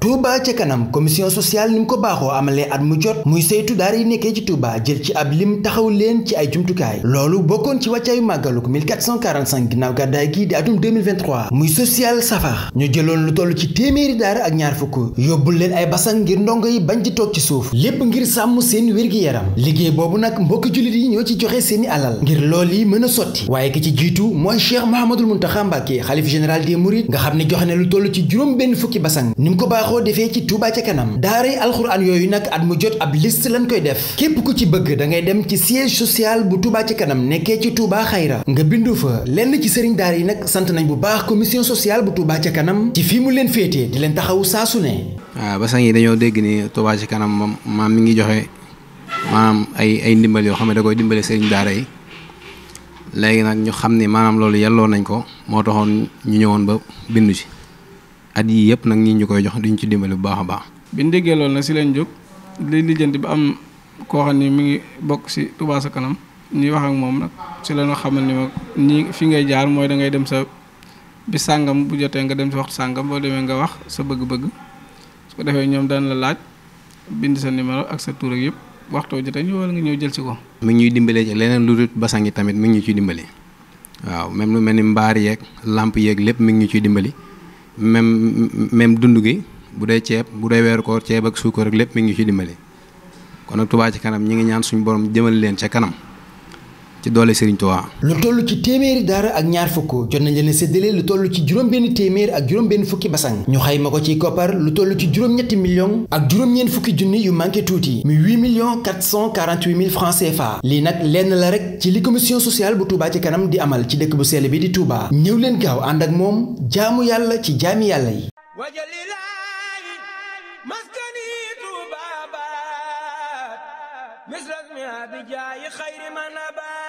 Touba ca kanam commission sociale ni mu ko baaxoo amalee at mu jot muy saytu daara yi nekkee ci Touba jël ci ab lim taxaw leen ci ay jumtukaay loolu bokkoon ci wàccaayu màggaluk 1445 ginnaaw gàddaay gi di atum 2023 muy social safar ñu jëloon lu toll ci téeméeri daara ak ñaar fukk yóbbul leen ay basang ngir ndongo yi bañ ci toog ci suuf lépp ngir sàmm seen wér yaram liggéey boobu nag mbokki jullit yi ñoo ci joxe seeni alal ngir lool yi mën a sotti waaye ki ci jiitu mooy Cheikh Mouhamadoul Mountakha Mbacké xalif général des Mourides nga xam ne joxe ne lu toll ci juróom benn fukki basang ni baaxoo defee ci Touba ca kanam daaray alxuraan yooyu nag at mu jot ab list lañ koy def képp ku ci bëgg dangay dem ci siège social bu Touba ci kanam nekkee ci Touba xayra nga bindu fa lenn ci sëriñ daara yi nag sant nañ bu baax commission sociale bu Touba ca kanam ci fii mu leen féetee di leen taxawu saasu ne. waaw ah, ba sax yi dañoo dégg ni Touba ca kanam moom maam mi ngi joxe maanaam ay ay ndimbal yoo xam ne da koy dimbale sëriñ daara yi. léegi nag ñu xam ni maanaam loolu yelloo nañ ko moo taxoon ñu ñëwoon ba bindu ci at yii yëpp nag ñi ñu koy jox duñu ci dimbali bu baax a baax. biñ déggee loolu nag si leen jóg li lijjanti ba am koo xam ni mi ngi bokk si Touba sa kanam ñuy wax ak moom nag la ñu xamal ni fi ngay jaar mooy da ngay dem sa bi sàngam bu jotee nga dem si waxtu sàngam boo demee nga wax sa bëgg-bëgg su ko defee ñoom daan la laaj bind sa numéro ak sa tur ak yëpp waxtoo jotee ñu wala nga ñëw jël si ko. mi ngi ñuy dimbalee ci leneen lu dul basang yi tamit mi ngi ñu ciy dimbali waaw même lu mel ni mbaar yeeg lamp yeeg lépp mi ngi ñu ciy dimbali. même même dund gi bu dee ceeb bu dee weeru koor ceeb ak suukar ak lépp mi ngi ci dimbali kon nag tubaa ci kanam ñi ngi ñaan suñu borom jëmal leen ca kanam ci doole Serigne Touba. ñu ci téeméeri daara ak ñaar fukk jot nañ leen a séddale lu toll ci juróom-benn téeméer ak juróom-benn fukki basang ñu xayma ko ci koppar lu toll ci juróom-ñetti millions ak juróom-ñeent fukki junni yu manqué tuuti mu 8 millions 448 mille francs CFA nag lenn la rek ci li commission sociale bu Touba ci kanam di amal ci dëkk bu sell bi di Touba ñëw leen gaaw ànd ak moom jaamu yàlla ci jaami yàlla yi. مصر